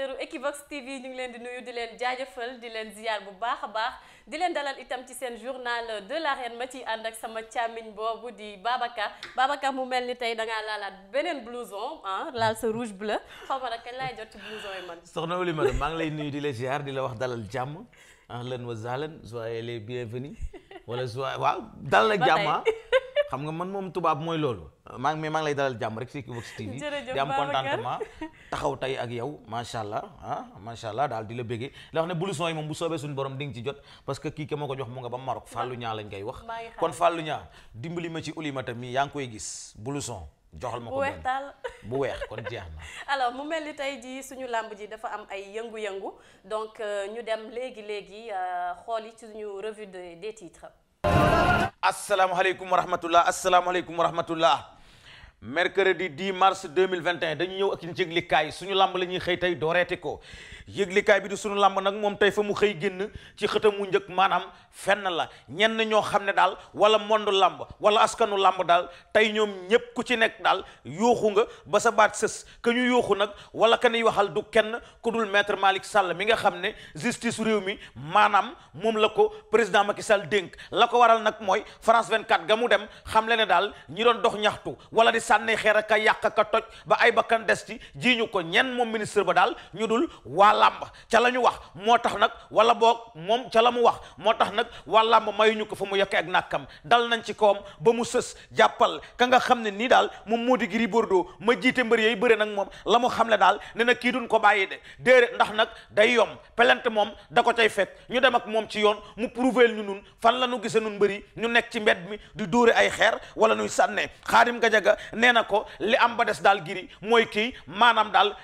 téléspectateur u Equivox TV ñu ngi leen di nuyu di leen jaajëfal di leen ziyaar bu baax a baax di leen dalal itam ci seen journal de l'arène ma ciy ànd ak sama càmmiñ boobu di Babacar Babacar mu mel ni tey da ngaa laalaat beneen blouson ah, laal sa rouge bleu xaw ma nag kañ laay jot ci blouson yi man. soxna Wuli ma maa ngi lay nuyu di la ziyaar di la wax dalal jàmm ahlan wa sahlan soyez les bienvenus wala soyez waaw dalal la jàmma xam nga man moom tubaab mooy loolu maa ngi mais maa ngi lay dalal jàmm rek si Equivox TV di am contentement taxaw tey ak yow macha allah ah macha allah daal di la béggee la wax ne blouson yi moom bu soobee suñu borom di nga ci jot parce que kii ke moo ko jox mu nga ba Maroc Fallou lañ koy wax kon Fallou dimbali ma ci ulimata mi yaa ngi koy gis blouson joxal ma ko bu weex bu weex kon jeex na. alors mu mel ni tey jii suñu làmb ji dafa am ay yëngu-yëngu donc euh, ñu dem léegi léegi euh, xool yi ci suñu revue des titres. asalaamaaleykum wa rahmatullah asalaamaaleykum wa rahmatullah mercredi 10 mars 2021 dañu ñëw ak yéen ci yëglikaay suñu làmb la ñuy xëy tey dooreete ko yëglikaay bi di sunu làmb nag moom tey fa mu xëy génn ci xëtam mu njëkk maanaam fenn la ñenn ñoo xam ne daal wala mondu làmb wala askanu làmb daal tey ñoom ñépp ku ci nekk daal yooxu nga ba sa baat sës ka ñu yooxu nag wala ka ñuy waxal du kenn ku dul metre Malick Sall mi nga xam ne justice réew mi maanaam moom la ko président Macky Sall dénk la ko waral nag mooy France 24 ga mu dem xam le ne daal ñi doon dox ñaxtu wala di sànnee xeer ak a yàq ak a ay bakkan des ci ko ñenn moom ba daal làmb ca la ñu wax moo tax nag wala boog moom ca la mu wax moo tax nag waa làmb ñu ko fa mu yokkee ak nàkkam dal nañ ci kawam ba mu sës jàppal ka nga xam ne nii daal moom moo di Gris Bordeaux ma jiite mbër yooyu bëri nag moom la mu xam le daal ne na kii duñ ko bàyyi de déere ndax nag day yom pelante moom da ko cay fekk ñu dem ak moom ci yoon mu prouver ñu nun fan la nu gise nun mbëri ñu nekk ci mbedd mi di dóore ay xeer wala nuy sànne xaadim gajaga nee na ko li am ba des daal Gris mooy kii maanaam daal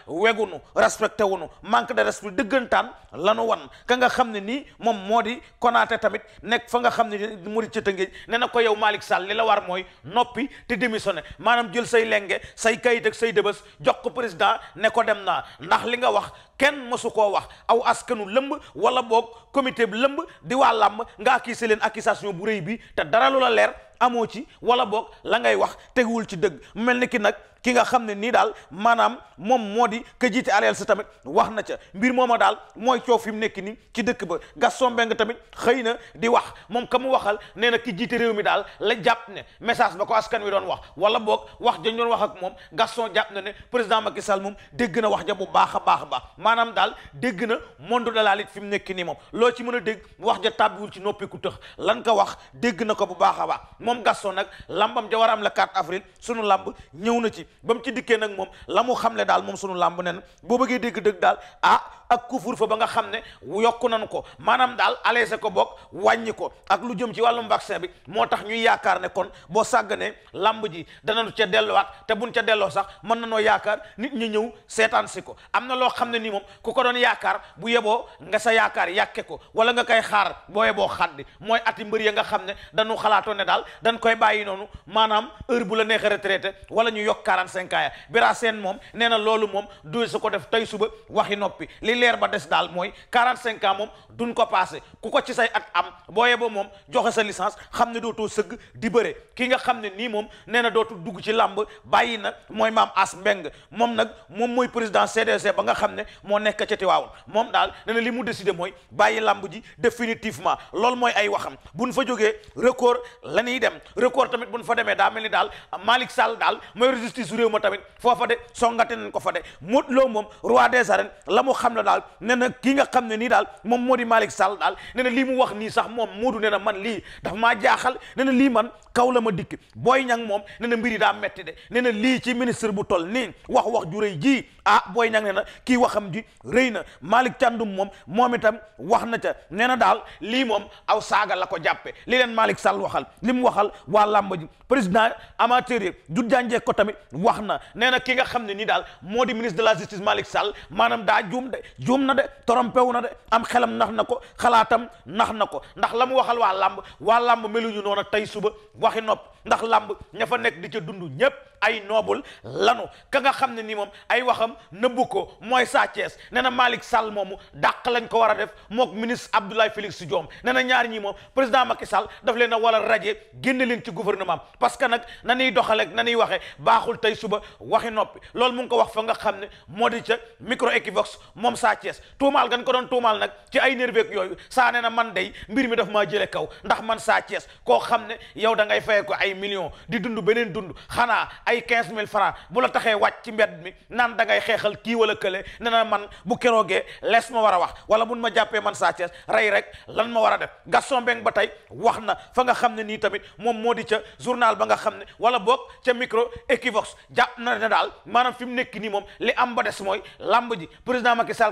palmarès bi dëggantaan lanu wan ka nga xam ne nii moom moo di Konaté tamit nekk fa nga xam ne ni mu di ca Tëngéej ne ko yow Malick Sall li la war mooy noppi te démissionné maanaam jël say lenge say kayit ak say dëbës jox ko président ne ko dem naa ndax li nga wax kenn mësu koo wax aw askanu lëmb wala boog comité bi lëmb di waa làmb nga accusé leen accusation bu rëy bi te dara lu la leer amoo ci wala boog la ngay wax teguwul ci dëgg mel ni ki nag ki nga xam ne nii daal maanaam moom moo di ka jiite aleel sa tamit wax na ca mbir mooma daal mooy coow fi mu nekk nii ci dëkk ba Gaston Mbengue tamit xëy na di wax moom ka mu waxal nee na ki jiite réew mi daal la jàpp ne message ba ko askan wi doon wax wala boog wax dañ doon wax ak moom Gaston jàpp na ne président Macky Sall moom dégg na wax ja bu baax a baax a maanaam daal dégg na monde de la lutte fi mu nekk nii moom loo ci mën a dégg wax ja tàbbiwul ci noppi ku tëx lan ko wax dégg na ko bu baax a baax moom Gaston nag làmbam ja war a am le 4 avril sunu làmb ñëw na ci ba ci dikkee nag moom la mu xamle daal moom sunu làmb nen boo bëggee dégg dëgg daal ah ak kufur fa ba nga xam ne yokk nañu ko maanaam daal alléger ko bokk wàññi ko ak lu jëm ci wàllum vaccin bi moo tax ñuy yaakaar ne kon boo sàgganee làmb ji dana danañu ca delluwaat te bu buñ ca delloo sax mën na noo yaakaar nit ñi ñëw seetaan si ko am na loo xam ne nii moom ku ko doon yaakaar bu yeboo nga yaakaar yàkke ko wala nga koy xaar boo yeboo xaddi mooy ati mbër ya nga xam ne dañu xalaatoo ne daal dañ koy bàyyi noonu maanaam heure bu la neexee retraité wala ñu yokk quarante cinq ans ya bira seen moom nee na loolu moom du su ko def tey suba waxi noppi leer ba des daal mooy 45 ans moom duñ ko passé ku ko ci say at am booye ba moom joxe sa licence xam ne dootoo sëgg di bëre ki nga xam ne nii moom nee na dootu dugg ci làmb bàyyi na mooy maam as mbeng moom nag moom mooy président CDC ba nga xam ne moo nekk ca Tiwaawoon moom daal nee na li mu décidé mooy bàyyi làmb ji définitivement loolu mooy ay waxam buñ fa jógee record la ñuy dem record tamit buñ fa demee daa mel ni daal Malick Sall daal mooy justice réew ma tamit foofa de songate nañ ko fa de Modou Lo moom roi des arènes la daal ne na kii nga xam ne nii daal moom moo di Malick Sall daal ne lii mu wax nii sax moom Moodu ne na man lii dafa ma jaaxal ne na lii man kaw la ma dikki Boy Niang moom ne na mbir yi daa metti de ne na lii ci ministre bu toll nii wax wax ju rëy ji ah Boy Niang ne na kii waxam ji rëy na Malick Thiandoum moom moom itam wax na ca ne na daal lii moom aw saaga la ko jàppe li leen Malick Sall waxal li mu waxal waa làmb ji président amateur yi du jànjee ko tamit wax na nee na ki nga xam ne nii daal moo di ministre de la justice Malick Sall maanaam daa juum de juum na de trompé wu na de am xelam nax na ko xalaatam nax na ko ndax la mu waxal waa làmb waa làmb meluñu noona tey suba waxi nopp ndax làmb ña fa nekk di ca dund ñépp ay noobul lanu ka nga xam ne nii moom ay waxam nëbbu ko mooy Sa Thiès nee na Malick Sall moomu daq lañ ko war a def mook ministre Abdoulaye Félix Diome nee na ñaar ñi moom président Macky Sall daf leen a war a raje génne leen ci gouvernement parce que nag na ñuy doxaleeg na ñuy waxee baaxul tey suba waxi noppi loolu mu ko wax fa nga xam ne moo di ca micro Equivox moom Sa Thiès tuumaal gan ko doon tuumaal nag ci ay nerveux yooyu saa ne man day mbir mi daf maa jële kaw ndax man saa Thiès koo xam ne yow dangay ngay fayee ko ay million di dund beneen dund xanaa ay quinze mille francs bu la taxee wàcc ci mbedd mi naan dangay xeexal kii wala kële ne man bu keroogee lees ma war a wax wala mun ma jàppee man Sa Thiès rey rek lan ma war a def Gaston Mbengue ba tey wax na fa nga xam ne nii tamit moom moo di ca journal ba nga xam ne wala boog ca micro Equivox jàpp na daal maanaam fi mu nekk nii moom li am ba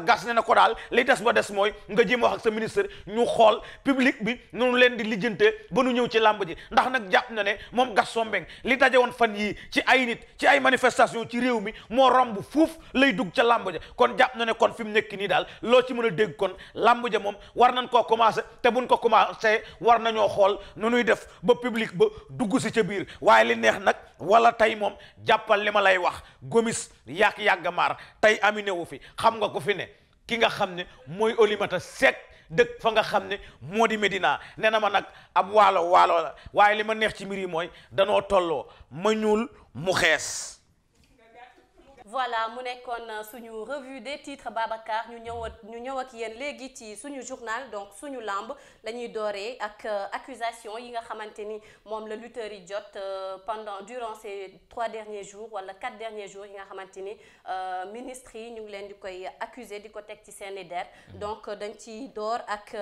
gas ne na ko daal li des ba des mooy nga jéem wax ak sa ministre ñu xool public bi nunu leen di lijjante ba nu ñëw ci làmb ji ndax nag jàpp na ne moom Gaston Mbengue li daje woon fan yii ci ay nit ci ay manifestation ci réew mi moo romb fuuf lay dugg ca làmb ja kon jàpp na ne kon fi mu nekk nii daal loo ci mën a dégg kon làmb ja moom war nañ koo commencé te buñ ko commencé war nañoo xool nu nuy def ba public ba dugg si ca biir waaye li neex nag wala tey moom jàppal li ma lay wax gomis yàq yàgg tey aminé wu fi xam nga ko fi ne ki nga xam ne mooy Olimata set dëkk fa nga xam ne moo di Medina nee na ma nag ab waalo waalo la waaye li ma neex ci mbir yi mooy danoo tolloo ma ñuul mu xees voilà mu nekkoon euh, suñu revue des titres Babacar ñu ñëw ñu ñëw ak yéen léegi ci suñu journal donc suñu làmb la ñuy dooree ak euh, accusation yi nga xamante ni moom la lutteur yi jot euh, pendant durant ces trois derniers jours wala quatre derniers jours yi nga xamante ni ministres yi ñu ngi leen di koy accuser di ko teg ci seeni der mm-hmm. donc dañ ci door ak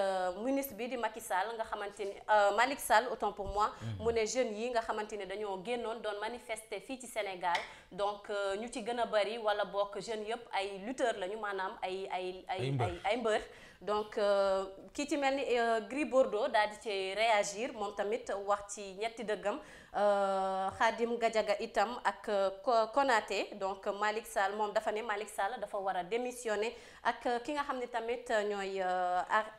ministre bi di Macky nga xamante ni Malick Sall autant pour moi mm-hmm. mu ne jeunes yi nga xamante ni dañoo génnoon doon manifester fii ci Sénégal bari wala bokk jeunes yëpp ay lutteur lañu maanaam ay ay ay ay mbër donc euh, kii ci mel ni euh, Gris Bordeaux daal di ci réagir moom tamit wax ci ñetti dëggam euh, Khadim Gadiaga itam ak Konaté donc Malick Sall moom dafa ne Malick Sall dafa war a démissionner ak ki nga xam ne tamit ñooy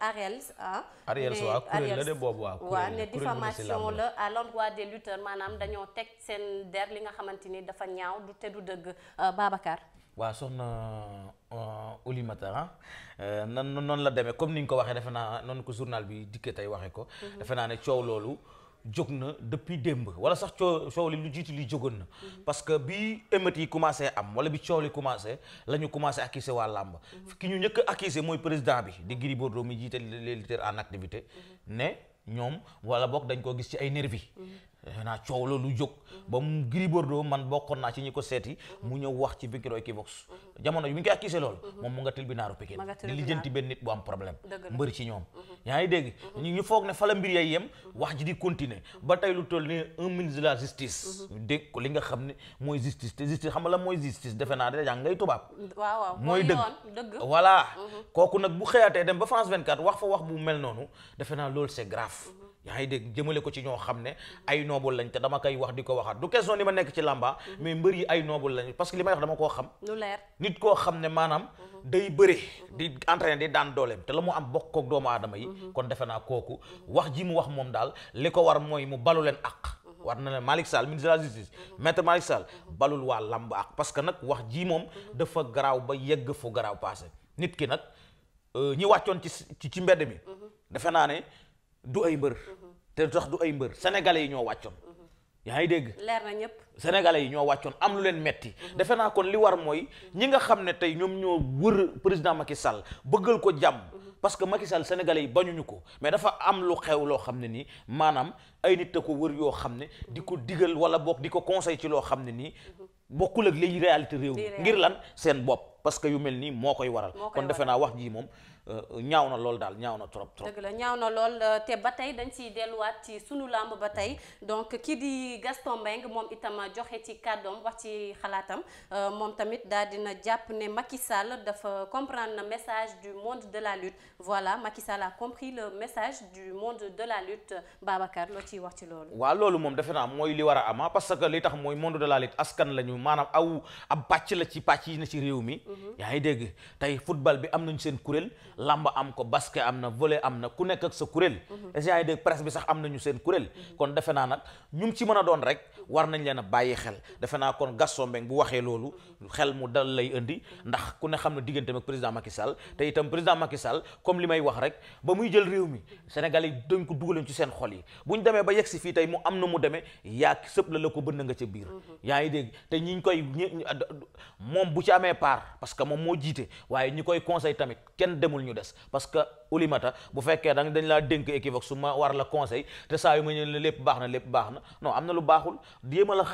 Ariel ah. Ariel so la de boobu waa waaw ne diffamation la à l'endroit des lutteurs maanaam dañoo teg seen der li nga xamante ni dafa ñaaw du te du dëgg Babacar. waa soxna euh, Oulimata euh, nan noonu la demee comme ni ñu ko waxee defe naa noonu ko journal bi dikk tey waxee ko. Mhm. defe naa ne coow loolu jóg na depuis démb wala sax coow coow li lu jiitu li jógoon na. Mhm. parce que bi émeutes yi commencé am wala bi coow li commencé la ñu commencé accuser waa làmb mhm. ki ñu njëkk a accuser mooy président bi di Gris Bordeaux mi jiite les lutteurs en activité. ne ñoom wala boog dañ koo gis ci ay nervi defe naa coow la lu jóg ba mu Gris Bordeaux man bokkoon naa ci ñi ko seeti mu ñëw wax ci Vikiro Equivox jamono yi bi ñu koy accusé lool mhm. moom mu nga tël bi naaru Pikine li lijjanti benn nit bu am problème mbëri ci ñoom mhm. yaa ngi dégg mhm. ñu foog ne fa la mbir yay yem wax ji di continuer ba tey lu toll ni un ministre de la justice dégg ko li nga xam ne mooy justice te justice xam nga la mooy justice defe naa da jàng ngay tubaab waaw mooy dëgg voilà kooku nag bu xëyaatee dem ba France 24 wax fa wax bu mel noonu defe naa loolu c'est grave yaa ngi dégg jëmale ko ci ñoo xam ne ay noobul lañ te dama koy wax di ko waxaat du question ni ma nekk ci làmba mais mbër ay noobul lañ parce que li may wax dama koo xam nit koo xam ne maanaam mhm. day bëre mhm. di entraîner di daan dooleem te la mu am bokk kook doomu aadama yi mhm. kon defe naa kooku wax ji mu wax moom daal li ko war mooy mu balu leen ak war na leen Malick Sall ministre de la justice maître Malick Sall balul waa làmb ak parce que nag wax ji moom dafa garaaw ba yegg fu garaaw passé nit ki nag euh, ñi wàccoon ci ci mbedd mi defe naa ne du ay mbër. te tax du ay mbër sénégalais yi ñoo wàccoon. yaa ngi dégg leer na ñëpp. sénégalais yi ñoo wàccoon am lu leen metti mhm. defe naa kon li war mooy ñi nga xam ne tey ñoom ñoo wër président Macky Sall bëggal ko jàmm. Mhm. parce que Macky Sall sénégalais yi bañuñu ko mais dafa am lu xew loo xam ne nii maanaam ay nit a ko wër yoo xam ne di ko digal wala boog di ko conseil ci loo xam ne nii mhm. bokkul ak liy réalité réew mi ngir lan seen bopp parce que yu mel nii moo koy waral kon defe naa wax jii moom Euh, ñaaw na lool daal ñaaw na trop trop. dëgg la ñaaw na lool euh, te ba tey dañ ciy delluwaat ci suñu làmb ba tey donc kii di Gaston Mbengue moom itam a joxe ci kàddoom wax ci xalaatam euh, moom tamit daal na jàpp ne Macky Sall dafa comprendre le message du monde de la lutte voilà Macky Sall a message du monde de la lutte ciy wax ci loolu. waaw loolu moom defe naa mooy li war a amaa ah, parce que li tax mooy monde de la lutte askan lañu maanaam aw ab pàcc la ci pàcc yi na ci réew mi. Mhm. yaa ngi dégg tey football bi am nañu seen kuréel. lamb am ko basket am na volley am na ku nekk ak sa kuréel mhm. agi de presse bi sax am nañu seen kuréel mhm. kon defe naa nag ñum ci mën a doon rek war nañ leen a bàyyi xel defe naa kon Gaston Mbengue bu waxee loolu xel mu dal lay indi ndax ku ne xam ne diggante ak président Macky Sall mhm. te itam président Macky Sall comme li may wax rek ba muy jël réew mi Sénégal yi dañ ko dugaloon ci seen xol yi bu ñu demee ba yegg si fii tey mu am na mu demee yaa sëpp la la ko bënn biir ngi dégg te ñi ñu bu ci amee part parce que moom moo jiite waaye ñi koy conseil tamit kenn demul mënul ñu des parce que bu fekkee dang dañ laa dénk Equivox su ma war la conseil te saa yu ma ñëw ne lépp baax na lépp baax na non am na lu baaxul jéem a la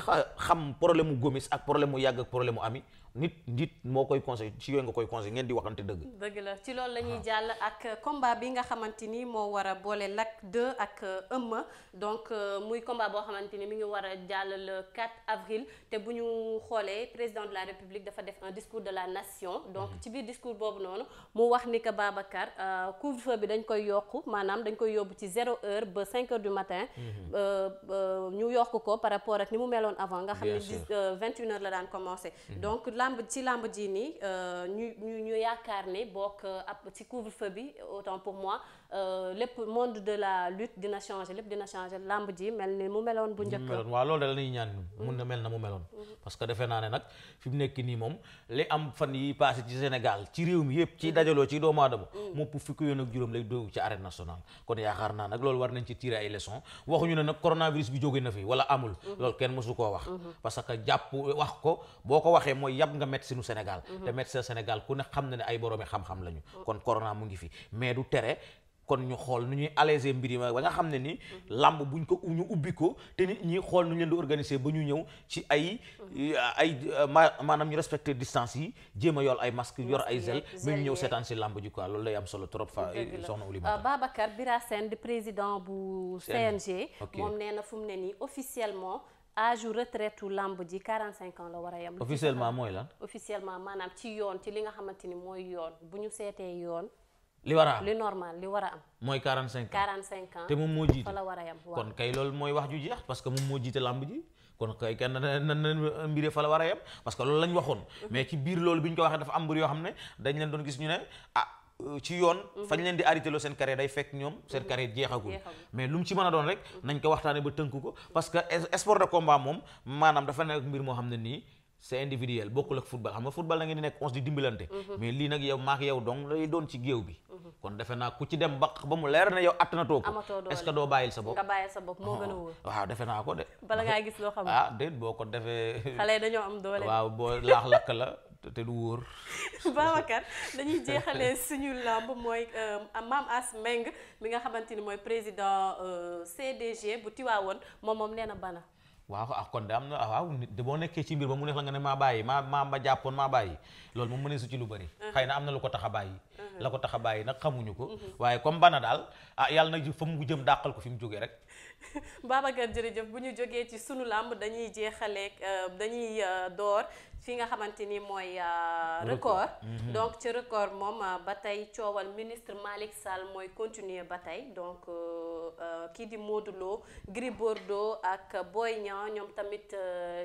xam problème Gomis ak problème mu yàgg ak problème mu ami nit nit moo koy conseil ci yooyu nga koy conseil ngeen di waxante dëgg. dëgg la ci loolu lañuy ñuy jàll ak combat bi nga xamante ni moo war a boole Lac 2 ak euh, Eumeu donc euh, muy combat boo xamante ni mi ngi war a jàll le 4 avril te bu ñu xoolee président de la république dafa def un discours de la nation. donc mhm. ci biir discours boobu noonu mu wax ni que Babacar euh, couvre-feu bi dañ koy yokk maanaam dañ koy yóbbu ci zéro heure ba cinq heures du matin. Mhm. ñu yokk ko par rapport ak ni mu meloon avant. nga xam ne la daan commencé. Mhm. làmb ci làmb ji nii euh, ñu ñu ñu yaakaar ne bokk euh, ab ci couvre-feu bi autant pour moi Euh, lépp monde de la lutte dina changer lépp dina changer làmb ji mel ni mu meloon bu njëkk waaw loolu da lañuy ñaan mun na mel na mu meloon mhm. Mhm. parce que defe naa ne nag fi mu nekk nii moom li am fan yi passé ci Sénégal ci réew mi yëpp ci mhm. dajaloo ci doomu aadama moo pour fukki yoon ak juróom lay doogu ci arène nationale kon yaakaar naa nag lool war nañ ci tirer ay leçons waxuñu ne nag coronavirus bi jóge na fi wala amul loolu kenn mosu koo wax parce que jàpp wax ko boo ko waxee mooy yàpp nga médecine Sénégal te médecine Sénégal ku ne xam na ne ay boroomi xam-xam lañu kon corona mu ngi fi mais du tere kon ñu xool nu ñuy alléger mbir yi ba nga xam ne ni làmb buñ ko ñu ubbi ko te nit ñi xool nu ñu leen di ba ñu ñëw ci ay ay maanaam ñu respecter distance yi jéem a ay masque yor ay gel mais ñu ñëw seetaan si làmb ji quoi loolu lay am solo trop fa soxna Oulimata euh, Babacar Birasène di président bu CNG moom nee na fu mu ne nii officiellement âge retraite u lamb ji 45 ans la war a yem officiellement mooy lan officiellement maanaam ci yoon ci li nga xamante ni mooy yoon bu ñu seetee yoon li war a am li war am. mooy 45 ans 45 ans. te moom moo jiite war a yam kon kay loolu mooy wax ju jeex parce que moom moo jiite làmb ji kon kay kenn na na mbiree fa la war a yam parce que lañ waxoon. Mhm. mais ci biir loolu bi ñu ko waxee dafa am mbir yoo xam ne dañ leen doon gis ñu ne ah ci yoon. Mhm. fañ leen di arrêté loo seen carrière day fekk ñoom seen mhm. carrière jeexagul. mais lu mu ci mën a doon rek. nañ ko waxtaanee ba tënk ko parce que sport de combat moom maanaam dafa nekk mbir moo xam ne nii. c'est individuel bokkul ak football xam nga football da ngeen nekk onze di dimbalante mhm. mais lii nag yow maak yow dong lay doon ci géew bi mhm. kon defe naa ku ci dem ba ba mu leer na yow attanatoo ko est-ce que doo bàyyil sa bopp nga bàyyil sa bopp moo gën a oh. wóor waaw defe naa ko de bala ngaa gis loo xam ah boo ko defee xale dañoo am doole boo laax lakk la te du wóor Babacar dañuy jeexalee suñu lamb mooy euh, Mame As Meng mi nga xamante ni mooy président euh, waaw ak ah, kon de am na ah, waaw nit de boo nekkee ci mbir ba mu neex la nga ne maa bàyyi maa maa ma jàppoon maa bàyyi loolu moom mënee su ci lu bëri uh-huh. xëy na am na lu ko tax a bàyyi uh-huh. la ko tax a bàyyi nag xamuñu ko uh-huh. waaye comme bana daal ah yàlla na fa mu jëm dàqal ko fi mu jógee rek Babacar jërëjëf bu ñu jógee ci sunu làmb dañuy jeexaleeg euh, dañuy euh, door fi nga xamante ni mooy euh, record mm-hmm. donc ci record moom euh, ba tey coowal ministre Malick Sall mooy continuer ba tey donc euh, kii di mooduloo Lo Gris Bordeaux ak Boy Niang ñoom tamit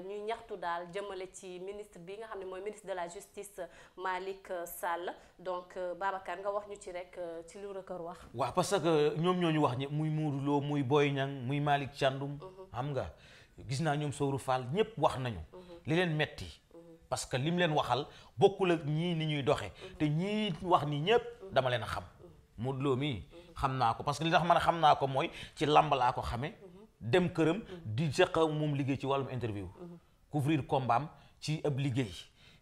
ñuy ñaxtu daal jëmale ci ministre bi nga xam ne mooy ministre de la justice Malick Sall donc Babacar nga wax ñu ci rek ci lu record wax waaw parce que ñoom ñoo ñu wax ñi muy Modou muy Boy Niang muy Malick Thiandoum mm-hmm. xam nga gis naa ñoom Sowru Fall ñépp wax nañu mm-hmm. li leen metti parce que lim leen waxal bokkul ak ñii ni ñuy doxee te ñii wax nii ñépp dama leen xam Modou Lo mii xam naa ko parce que li tax man xam naa ko mooy ci làmb laa ko xamee dem këram di seq moom liggéey ci wàllum interview couvrir kombaam ci ab liggéey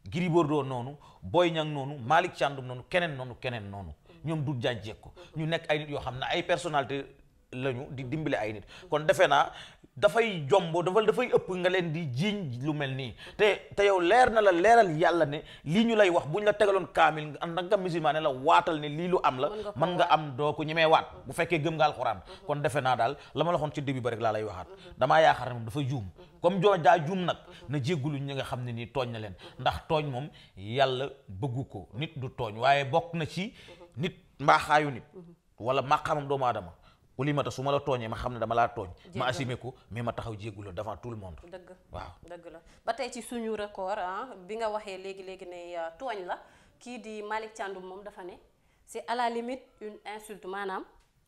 Gris Bordeaux noonu Boy Niang noonu Malick Thiandoum noonu keneen noonu keneen noonu ñoom du jaajëk ko ñu nekk ay nit yoo xam ne ay personnalité lañu di dimbale ay nit kon defe naa dafay jombo dafa dafay ëpp nga leen di jiiñ lu mel nii te te yow leer na la leeral yàlla ne lii ñu lay wax bu ñu la tegaloon kaamil nga en tant que musulman ne la waatal ne lii lu am la mën nga am doo ko ñemee waat bu fekkee gëm nga alxuraan mm-hmm. kon defe naa daal la ma la ci début ba rek laa lay waxaat mm-hmm. damaa yaakaar ne moom dafa juum mm-hmm. comme joo daa juum nag na jéggulu ñi nga xam ne nii tooñ na leen ndax tooñ moom yàlla bëggu ko nit du tooñ waaye bokk na ci nit mbaaxaayu nit wala maqaamam doomu aadama Oulimata su ma la tooñee ma xam ne dama laa tooñ. ma assumé ko mais ma taxaw jéggulu devant tout le monde. dëgg waaw dëgg la ba tey ci suñu record ah bi nga waxee léegi léegi ne ah, tooñ la kii di Malick Thiandoum moom dafa ne c'est à la limite une insulte maanaam.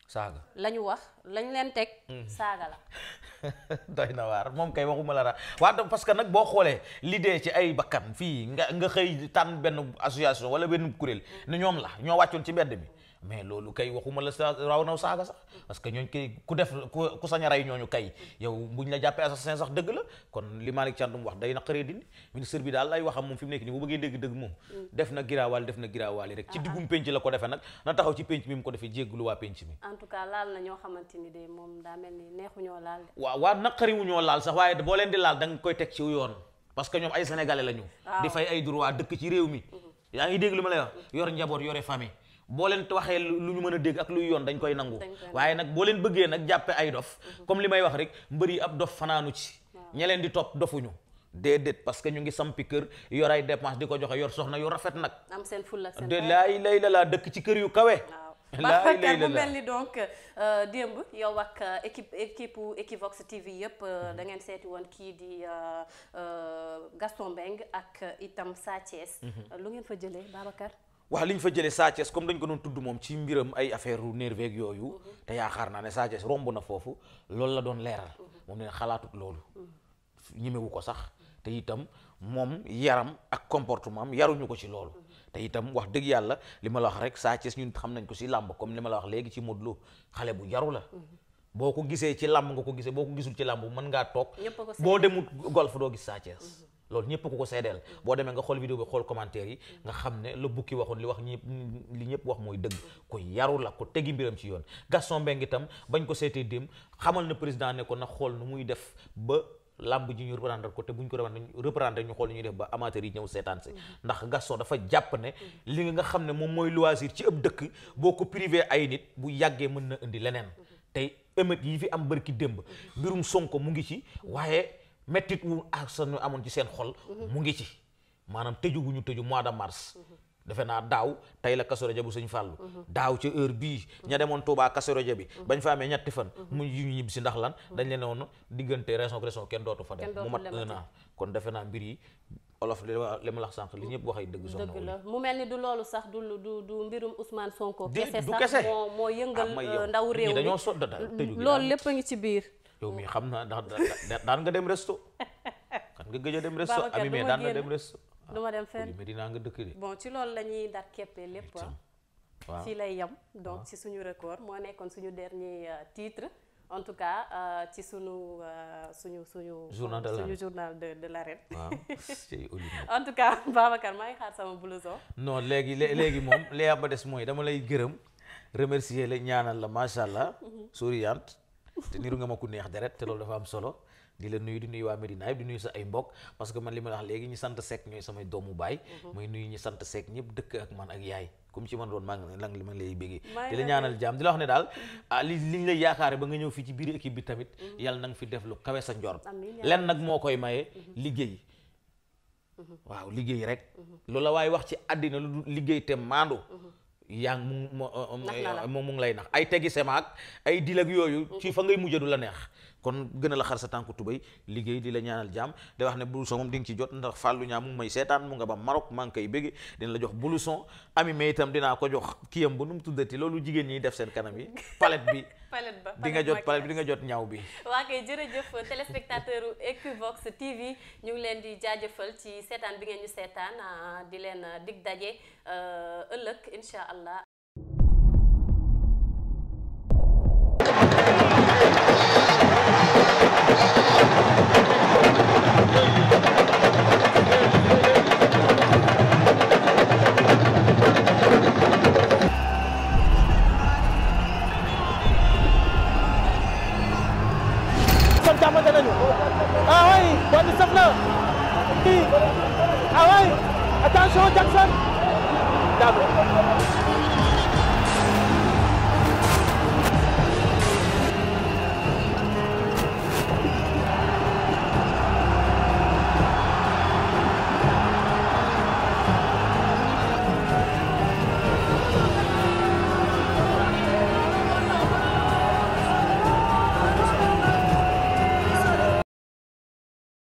saaga la ñu wax lañ leen teg. Mm-hmm. saaga la. doy na waar moom kay waxuma la ra waaw parce que nag boo xoolee l'idée ci ay bakkan fii nga nga xëy tànn benn association wala benn kuréel ne ñoom la ñoo wàccoon ci mbedd mi. mais loolu kay waxuma la sa raw naw saaga sax parce que ñooñ kay ku def ku sañ a ñooñu kay yow buñ la jàppee assassin sax dëgg la kon li Malick Thiandoum wax day naqaree dindi ministre bi daal ay waxam moom fi mu nekk nii bu bëggee dégg dëgg moom mm. def na giraawaali rek ci ah, ah. diggum penc la ko defee nag na taxaw ci penc mi mu ko defee jéggulu waa penc mi en tout cas laal na ñoo xamante ni de moom daa mel ni neexuñoo laal waaw waa naqariwuñoo laal sax waaye boo leen di laal da koy teg ci yoon parce ñoom ay sénégalais la ñu di fay ay droit mm-hmm. yaa ngi dégg lu ma yor njaboot yore famille boo leen waxee lu ñu mën a dégg ak luy yoon dañ koy nangu waaye nag boo leen bëggee nag jàppe ay dof mhm. comme li may wax rek mbër yi ab dof fanaanu ci ña leen di topp dofuñu déedéet parce que ñu ngi sampi kër yor ay dépense di ko joxe yor soxna yu rafet nag am seen fulla de laay lay la laa dëkk ci kër yu kawe baaxkat bu mel ni donc euh, démb yow ak euh, équipe équipe Equivox TV yëpp euh, mhm. da ngeen seeti woon kii di Gaston Mbengue ak itam Sa Thiès mhm. lu ngeen fa jëlee Babacar wax liñ fa jëlee Sa comme dañ ko doon tudd moom ci mbiram ay affaire u nerveux yooyu te yaakaar naa ne Sa Thiès romb na foofu loolu la doon leeral moom ne xalaatut loolu ñemewu ko sax te itam moom yaram ak comportement am yaruñu ko ci loolu te itam wax dëgg yàlla li ma la wax rek Sa Thiès ñun xam nañ ko si làmb comme li ma la wax léegi ci Modou Lo xale bu yaru la boo ko gisee ci làmb nga ko gisee boo ko gisul ci làmb mën ngaa toog boo demul golf doo gis Sa loolu ñëpp ku ko seedeel boo demee nga xool vidéo bi xool commentaire yi nga xam ne la bukki waxoon li wax ñi li ñëpp wax mooy dëgg ku yaru la ku tegi mbiram ci yoon Gaston Mbengue itam bañ ko seetee dem xamal na président ko na xool nu muy def ba làmb ji ñu reprendre ko te bu ñu ko reprendre ñu xool ñuy def ba amateur yi ñëw seetaan si mm-hmm. ndax Gaston dafa jàpp ne li nga xam ne moom mooy loisir ci ab dëkk boo ko privé ay nit bu yàggee mën na indi leneen mm-hmm. tey émeute yi fi am bërki démb mm-hmm. mbirum Sonko mu ngi ci waaye méttit wu askan amoon ci seen xol mu ngi ci maanaam tëju wu ñu tëju mois de mars defe naa daaw tey la kaso rajo bu sëñ fàllu daaw ci heure bii ña demoon Touba kaso rajo bi bañ fa amee ñetti fan mu ñu ñibbi si ndax lan dañ leen woon diggante région ak kenn dootu fa dem mu mat un an kon defe naa mbir yi olof li ma la sànq li ñëpp wax ay dëgg soxna dëgg mu mel ni du loolu sax du du du mbirum Ousmane Sonko kese sax moo moo yëngal ah, euh, ndaw réew mi dañoo da daal loolu lépp a ngi ci biir yow mii xam naa ndax daan nga dem resto kan nga gëj a dem resto ami mais daan nga dem resto du ma dem fenn mais dinaa nga dëkk la ñuy dar keppee lépp ah. waaw fii lay yem donc ci suñu record moo nekkoon euh, euh, ci suñu suñu euh, suñu suñu journal de de l'arène en tout cas Babacar maa ngi xaar sama blouson non léegi léegi moom léegi a des mooy dama lay gërëm remercier la ñaanal la macha allah mhm. souriante te niru nga ma ku neex deret te loolu dafa am solo di la nuyu di nuyu waa Medina yëpp di nuyu sa ay mbokk parce man li ma la wax léegi ñi sant Seck ñooy samay doomu baay muy mhm. nuyu ñi sant Seck ñëpp dëkk ak man ak yaay comme ci man doon maa ngi lay bégee di la ñaanal jàmm di la wax ne daal mhm. ah li liñ lay yaakaare ba nga ñëw fii ci biir équipe bi tamit mhm. yàlla na fi def lu kawe sa njort lenn nag moo koy maye liggéey waaw liggéey rek loolu la waaye wax ci yaa ngi mu mu mu ngi lay nax ay tegi semaak ay dilag yooyu. Mm-hmm. ci fa ngay mujjee du la neex. kon gën a la xar sa tànku tubéy liggéey di la ñaanal jàmm de wax ne blouson moom di nga ci jot ndax fàllu ñaa mu ngi may seetaan mu nga ba Maroc maa ngi koy bëgg dina la jox blouson ami itam dinaa ko jox kiyam bu nu mu tuddati loolu jigéen ñi def seen kanam yi palette bi palette ba di nga jot palette bi di jot ñaaw bi waa a jërëjëf téléspectateur u Equivox TV ñu leen di jaajëfal ci seetaan bi ngeen ñu seetaan ah, di leen ah, dig daje euh, ëllëg incha allah